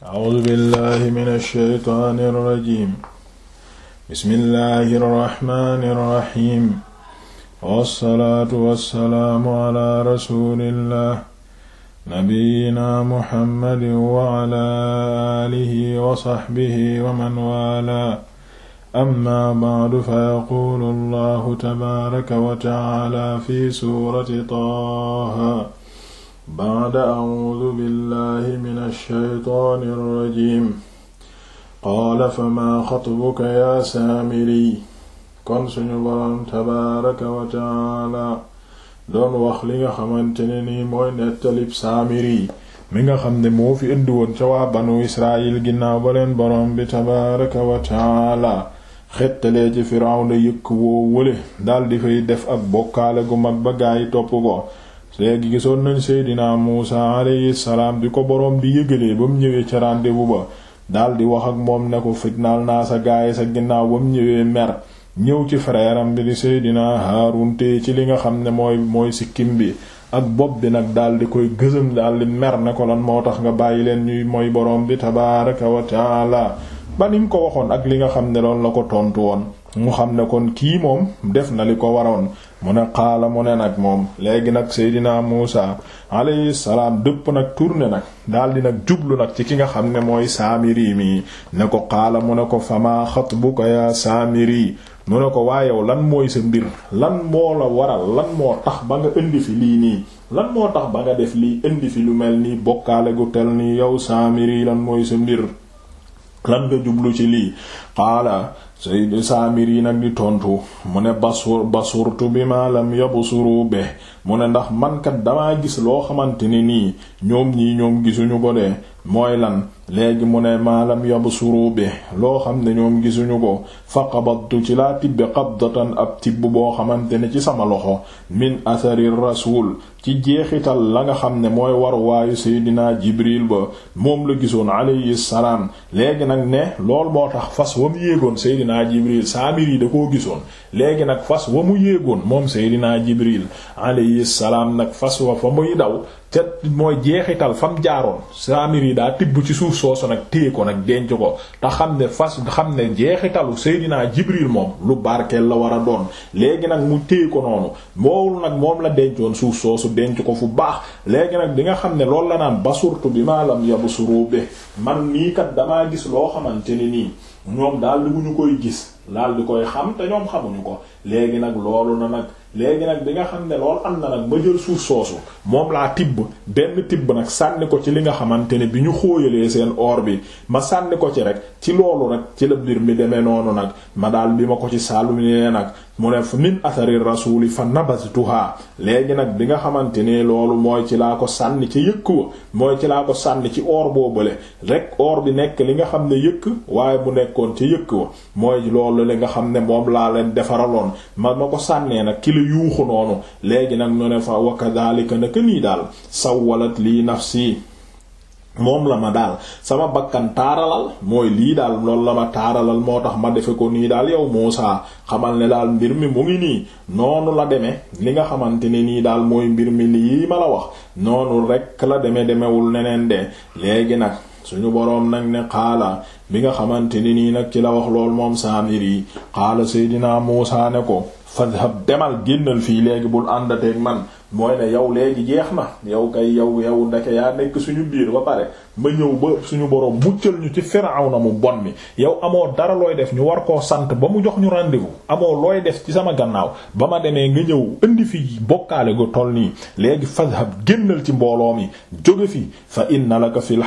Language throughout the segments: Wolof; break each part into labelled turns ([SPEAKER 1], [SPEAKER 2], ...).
[SPEAKER 1] A'uuzu billaahi mina shaytaani rajiim. Bismillaahi rahmaani rahiim. Wassalaatu wassalaamu alaa rasuulillaah. Nabiyyinaa Muhammadin wa alaa aalihi wa sahbihi wa man waalaa. Ammaa ba'du fayaquulu Allaahu tabaaraka wa ta'aalaa fi suurati Taaha. ba'da a'uudu billahi mina shaytaani rajiim qaala famaa xatbuka yaa saamiri kon suñu boroom tabaaraka wa taala doon wax li nga xamante ne nii mooy nettalib saamiri mi nga xam ne moo fi indi woon ca waa banu israil ginnaaw ba leen boroom bi tabaaraka wa taala xettalee ci firawna yëkk woo wële daldi fay def ab bokkaale gu mag ba gaayi topp ko léegi gisoon nañ seydinaa Muusa alayhi salaam bi ko boroom bi yëgalee ba mu ñëwee ca rendez ba ba di wax ak moom ne ko fitnaal naa sa gaay sa ginnaaw ba mu ñëwee mer ñëw ci frère am bi di seydinaa Haarun tey ci li nga xam ne mooy mooy sikkim bi ak bopp bi nag daldi koy gësëm daldi mer ne ko lan moo tax nga bàyyi leen ñuy mooy boroom bi tabaaraka wa taala ba ni ko waxoon ak li nga xam ne loolu la ko tontu woon mu xam ne kon kii moom def na li ko waroon mu ne xaala mu ne nag moom léegi nag seydinaa Muusa alayhi salaam dëpp nag tourné nag daldi nag jublu nag ci ki nga xam ne mooy Saamiri mi ne ko xaala mu ne ko famaa xatbuka yaa Saamiri mu ne ko waaye yow lan mooy sa mbir lan moo la waral lan moo tax ba nga indi fi lii nii lan moo tax ba nga def lii indi fi lu mel nii bokkaale gu tel nii yow Saamiri lan mooy sa mbir lan nga jublu ci lii xaala sayyid Saamiri nag di tontu mu ne basur basurtu bi ma lam yabsuru mu ne ndax mankat kat gis loo xamante ne nii ñoom ñii ñoom gisuñu ko de mooy lan léegi mu ne maalam yabsuru bi loo xam ne ñoom gisuñu ko fa qabattu ci laa tibbe qabdatan ab tibb boo xamante ne ci sama loxo min athari rasul ci jeexital la nga xam ne mooy war waayu seydinaa jibril ba moom la gisoon alayhi salaam léegi nag ne lool moo tax fas wa mu yéegoon seydinaa jibril yi da koo gisoon léegi nag fas wa mu yéegoon moom seydinaa jibril alayhi salaam nag fas wa fa muy daw ca mooy jeexital fam jaaroon saamir yi daa tibb ci suuf soosu nag téye ko nag denc ko te xam ne fas xam ne jeexitalu Seydina Jibril moom lu barkeel la war a doon léegi nag mu téye ko noonu moolu nag moom la dencoon suuf soosu denc ko fu baax léegi nag bi nga xam ne loolu la naan basurtu bi maa lam yabsuru bi man nii kat damaa gis loo xamante ne nii ñoom daal di ñu koy gis daal di koy xam te ñoom xamuñu ko léegi nag loolu na nag léegi nag bi nga xam ne lool am na nag ma jël suuf soosu moom laa tibb benn tibb nag sànni ko ci li nga xamante ne bi ñu xóoyalee seen or bi ma sànni ko ci rek ci loolu rek ci la mbir mi demee noonu nag ma daal bi ma ko ci sàllu nag mu ne min athari rasuli fa nabastuha léegi nag bi nga xamante ne loolu mooy ci laa ko sànni ci yëkk wa mooy ci laa ko sànni ci or boobale rek or bi nekk li nga xam ne yëkk waaye bu nekkoon ci yëkk wa mooy loolu li nga xam ne moom laa leen defaraloon ma ma ko sànnee nag yuuxu noonu léegi nag ñu ne fa wakadhalika naka nii daal sawwalat lii nafsi moom la ma daal sama bakkan taaralal mooy lii daal loolu la ma taaralal moo tax ma defe ko nii daal yow Muusaa xamal ne daal mbir mi mu ngi nii noonu la demee li nga xamante ne nii daal mooy mbir mi lii ma la wax noonu rekk la deme demewul neneen de léegi nag suñu boroom nag ne xaala bi nga xamante ni nii nag ci la wax lool moom Saamiri xaala Seydinaa Muusaa ne ko fadhab demal génnal fii léegi bul àndateeg man mooy ne yow léegi jeex na yow kay yow yow ndeke yaa nekk suñu biir ba pare ma ñëw ba suñu borom muccal ñu ci Firawna mu bon mi yow amoo dara looy def ñu war koo sant ba mu jox ñu rendez-vous amoo looy def ci sama gannaaw ba ma demee nga ñëw indi fi bokkaale gu toll nii léegi fadhab génnal ci mbooloo mi jóge fi fa inna ko fil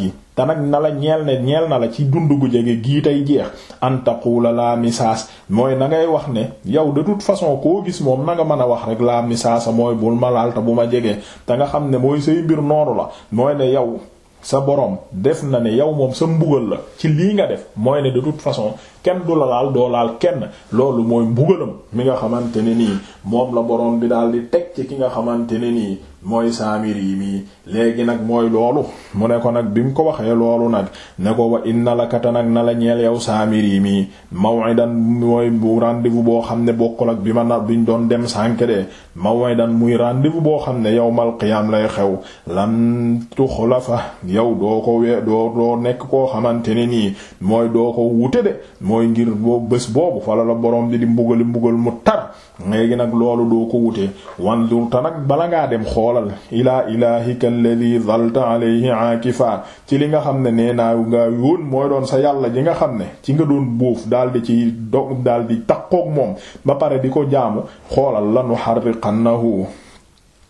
[SPEAKER 1] yi te nag na la ñeel ne ñeel na la ci dund gu jege gii tey jeex antaqula la misaas mooy na ngay wax ne yow de toute façon koo gis moom na mën a wax rek la misaasa mooy bul ma laal te bu ma jegee te nga xam ne mooy say mbir noonu la mooy ne yow sa borom def na ne yow moom sa mbugal la ci lii nga def mooy ne de toute façon kenn du la laal doo laal kenn loolu mooy mbugalam mi nga xamante ne nii moom la borom bi daal di teg ci ki nga xamante ne nii mooy saamiri mi léegi nag mooy loolu mu ne ko nag bi mu ko waxee loolu nag ne ko wax wa inna lakata nag na la ñeel yow saamiri mi maw'idan mooy rendez-vous boo xam ne bokkul ak bi ma na bi ñu doon dem sànk de maw'idan muy rendez-vous boo xam ne yawmal qiyaam lay xew lan tuxlafa yow doo ko wee doo doo nekk koo xamante ne nii mooy doo ko wute de mooy ngir boo bés boobu fala la borom bi di mbugali mbugal mu tar léegi nag loolu doo ko wute wanzurta nag bala ngaa dem xoolal ilaa ilaahika alladi zalta alayhi aakifa ci li nga xam ne nee naa nga woon mooy doon sa yàlla ji nga xam ne ci nga doon buuf daal di ci dog daal di takkoog moom ba pare di ko jaamu xoolal lanu xarriqannahu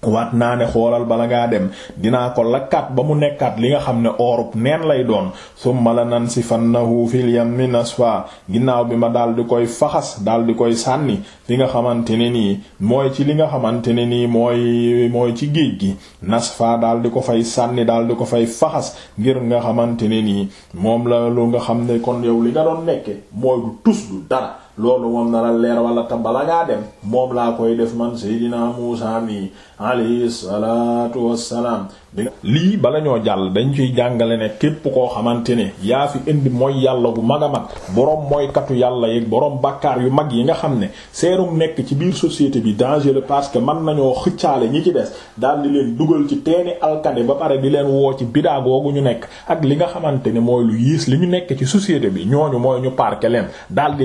[SPEAKER 1] waat naa ne xoolal bala ngaa dem dinaa ko lakkaat ba mu nekkaat li nga xam ne oorub neen lay doon summa la nansifannahu fil yammi nasfa ginnaaw bi ma daal di koy faxas daal di koy sànni fi nga xamante ne nii mooy ci li nga xamante ne nii mooy mooy ci géej gi nasfa daal di ko fay sànni daal di ko fay faxas ngir nga xamante ne nii moom la lu nga xam ne kon yow li nga doon nekke mooy du tus du dara loolu moom na la leer wala ta bala ngaa dem moom laa koy def man seydinaa Muusaa mi alayhi salaatu wassalaam lii bala ñoo jàll dañu ciy jàngale ne képp koo xamante ne yaa fi indi mooy yàlla bu mag a mag boroom mooykatu yàlla yi boroom bàkkaar yu mag yi nga xam ne seerum nekk ci biir société bi danger le parce que mën nañoo xëccaale ñi ci des daal di leen dugal ci teeni alkande ba pare di leen woo ci bidaa googu ñu nekk ak li nga xamante ne mooy lu yiis li ñu nekk ci société bi ñooñu mooy ñu parke leen daal di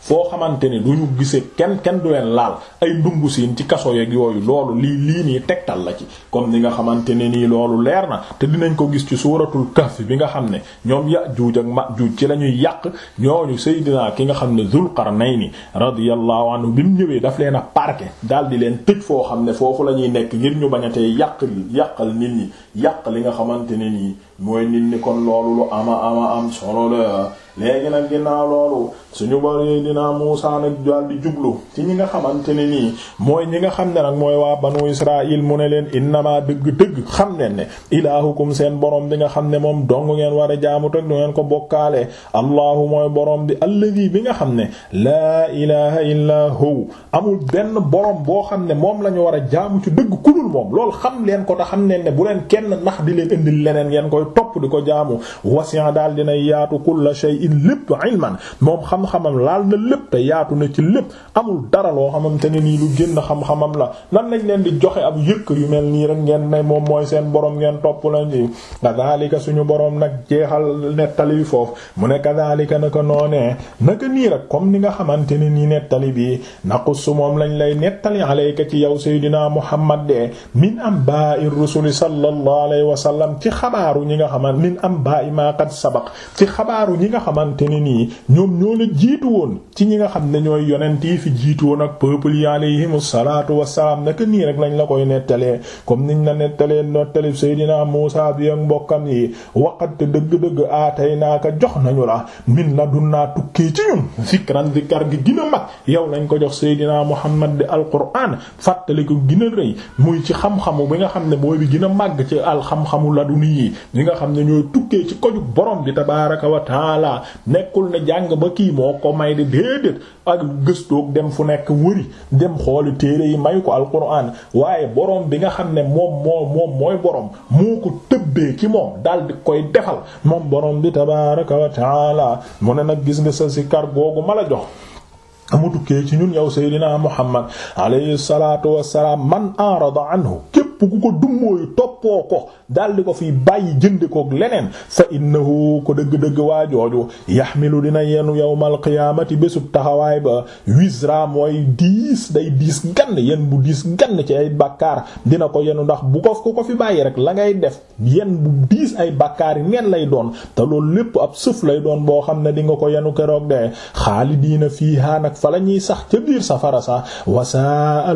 [SPEAKER 1] foo xamante ni du ñu gisee kenn kenn du leen laal ay ndungu siin ci kaso yeeg yooyu loolu lii lii nii tegtal la ci comme li nga xamante ne nii loolu leer na te dinañ ko gis ci suuratul kahf bi nga xam ne ñoom Yaajuuj ak Maajuuj ci la ñuy yàq ñooñu Seydina ki nga xam ne Zulqarnayni radiyallahu anhu bi mu ñëwee daf leen a parke daal di leen tëj foo xam ne foofu la ñuy nekk ngir ñu bañ a tey yàq yàqal nit ñi yàq li nga xamante ne nii mooy nit ñi kon loolu lu ama ama am solo la Seydina Muusaa nag daal di jublu ci ñi nga xamante ne nii mooy ñi nga xam ne nag mooy waa banu Israil mu ne leen innama dëgg-dëgg xam leen ne ilaahukum seen boroom bi nga xam ne moom dong ngeen war a jaamu teg du ngeen ko bokkaale allahu mooy boroom bi alladi bi nga xam ne laa ilaha illaa hu amul benn borom boo xam ne moom lañu ñu war a jaamu ci dëgg ku dul moom loolu xam leen ko te xam leen ne bu leen kenn nax di leen indil leneen ngeen koy topp di ko jaamu wasi'a daal dinay yaatu kulla shay'in lépp lépp te yaatu na ci lépp amul dara loo xamante ne nii lu génn xam-xamam la nan lañ leen di joxe ab yëkk yu mel nii rek ngeen ne moom mooy seen boroom ngeen topp lañ ci suñu borom nag jeexal nettali foofu mu ne kadhalika naka noonee naka nii rek comme ni nga xamante ne nii nettali bi naqussu moom lañ lay nettali alayka ci yow Seydina Muhammad de min am rusuli sallallahu alayhi wa sallam ci xabaaru ñi nga xaman min ambaa'i ma qad sabaq ci xabaaru ñi nga xamante ne nii ñoom ñoo la jiitu woon ci ñi nga xam ne ñooy yonent yi fi jiitoon ak peuple yi alayhim salaatu wassalaam naka nii rek lañ la koy nettalee comme niñ la nettalee nettali Seydina Muusaa bi ak mbokkam yi waqat dëgg-dëgg aatay naaka jox nañu la min ladunnaa tukkee ci ñun zikran zikar gi gën mag yow lañ ko jox Seydina Muhammad di alquraan fàttali ko gën a rëy muy ci xam-xamu bi nga xam ne mooy bi gën a màgg ci al xam-xamu laduni yi ñi nga xam ne ñooy tukkee ci koju borom bi tabaaraka wa taala nekkul ne jàng ba kii moo ko may di déedéet ak gëstoog dem fu nekk wëri dem xooli téere yi may ko alquran waaye boroom bi nga xam ne moom moo moom mooy borom moo ko tëbbee ci moom daal di koy defal moom boroom bi tabaaraka wa taala mu ne nag gis nga sa sikar googu ma la jox. amu tukkee ci ñun yow Seydina Muhammad alayhi salaatu wa salaam man arada anhu ku ko dummóoyu toppoo ko daldi ko fi bàyyi jënd koog leneen fa innahu ko dëgg-dëgg waa jooju yaxmilu dina yenu yawmal qiyaamati bésub taxawaay ba wisra mooy diis day diis gann yen bu diis gann ci ay bàkkaar dina ko yenu ndax bu ko ku ko fi bàyyi rek la ngay def yen bu diis ay bàkkaar yi neen lay doon te loolu lépp ab sëf lay doon boo xam ne di nga ko yenu keroog de xaalidiina fiihaa ak fa la sax ca biir safara sax wa sa'a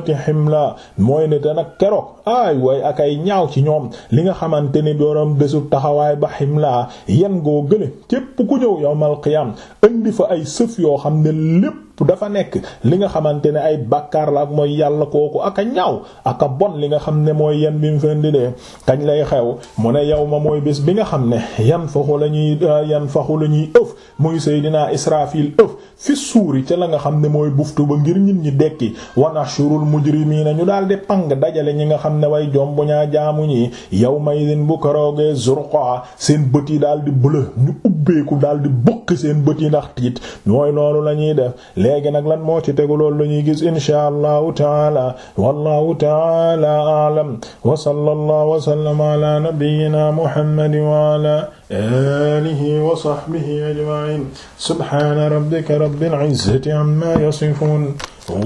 [SPEAKER 1] qiyaamati himla mooy ne te nag keroog ay way ak ay ñaaw ci ñoom li nga xamante ni borom bésu taxawaay ba xim laa yan goo gële képp ku ñëw yawmal qiyaam indi fa ay sëf yoo xam ne lépp dafa nekk li nga xamante ne ay bàkkaar la ak mooy yàlla kooku ak a ñaaw ak a bon li nga xam ne mooy yan bi mu fendi kañ lay xew mu ne yow ma mooy bés bi nga xam ne yan faxu la ñuy yan faxu la ñuy ëf muy Seydina Israfil ëf fi suuri ca la nga xam ne mooy buftu ba ngir ñit ñi dekki wanashurul mujrimiina ñu daal di pang dajale ñi nga xam ne way jom bu ñaa jaamu ñi yow may leen bu karoogee zurqa seen bët yi daal di bëla ñu ubbeeku daal di bukki seen bët yi ndax tiit mooy loolu lañuy léegi nag lan moo ci tegu loolu la ñuy gis inshaa allahu taala wallahu taala alam wa sallallahu wa sallama ala nabiyyina muhammadin wa ala alihi wa sahbihi ajma'in subhana rabbika rabbil izzati amma yasifun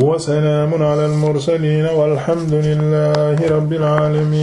[SPEAKER 1] wa salamun ala al mursalin walhamdulillahi rabbil alamin